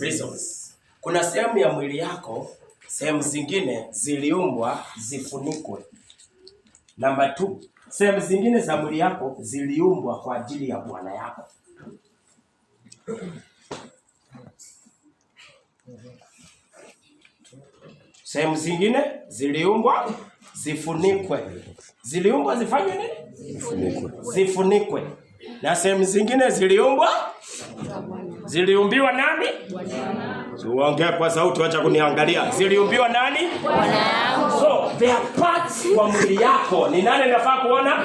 Reasons. Kuna sehemu ya mwili yako, sehemu zingine ziliumbwa zifunikwe. Namba 2, sehemu zingine za mwili yako ziliumbwa kwa ajili ya Bwana yako. Sehemu zingine ziliumbwa zifunikwe. Ziliumbwa zifanye nini? Zifunikwe. Zifunikwe. Na sehemu zingine ziliumbwa Ziliumbiwa nani? Uongee kwa sauti, acha kuniangalia. Ziliumbiwa nani? So their parts kwa mwili yako ni nani nafaa kuona?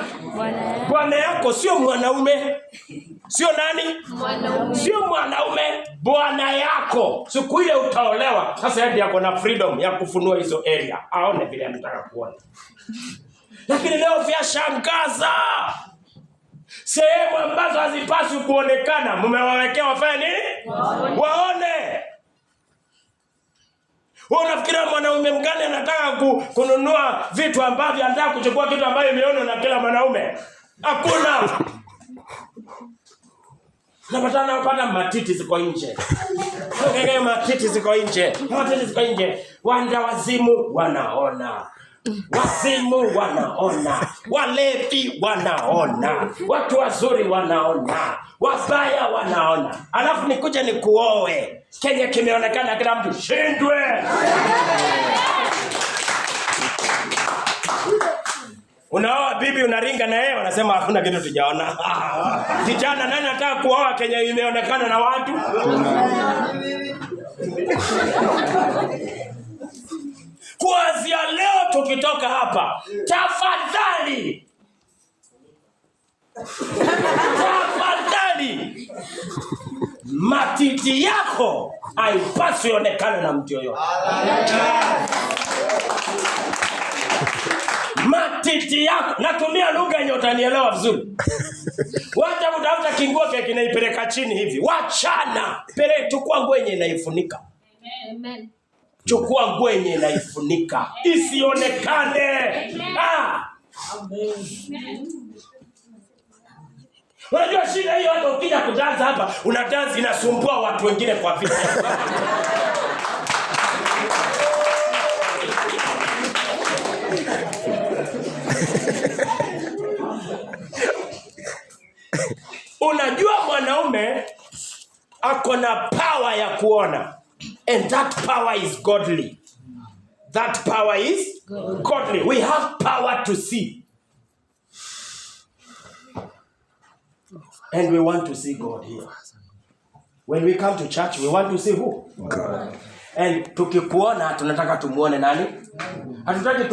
Bwana yako sio mwanaume, sio nani? Mwanaume. Sio mwanaume, bwana yako. Siku ile utaolewa, sasa yeye yako na freedom ya kufunua hizo area, aone vile anataka kuona. Lakini leo vyashangaza sehemu ambazo hazipaswi kuonekana, mmewawekea wafanye nini? Waone. Wewe unafikiria mwanaume mgani anataka ku, kununua vitu ambavyo anataka kuchukua kitu ambayo imeona na kila mwanaume? Hakuna. Napatana napata matiti ziko nje. matiti ziko nje. Matiti ziko nje. Wanda wazimu wanaona. Wazimu wanaona, walevi wanaona, watu wazuri wanaona, wabaya wanaona, alafu nikuja nikuoe. Kenya kimeonekana kila mtu shindwe. Unaoa bibi unaringa na yeye, wanasema hakuna kitu tujaona. Kijana, nani anataka kuoa Kenya imeonekana na watu tukitoka hapa tafadhali, tafadhali matiti yako haipaswi onekane na mtu yoyote. Matiti yako, natumia lugha yenye utanielewa vizuri. Wacha kutafuta kinguo kinaipeleka chini hivi, wachana pele, chukua ngwenye inaifunika. Amen chukua nguo yenye inaifunika isionekane. Ah! unajua shida hiyo, hata ukija kudansa hapa una dansi inasumbua watu wengine kwa vile unajua mwanaume ako na pawa ya kuona And that power is godly. That power is godly. We have power to see. And we want to see God here. When we come to church, we want to see who? God. And tukikuona tunataka tumuone nani? Hatutaki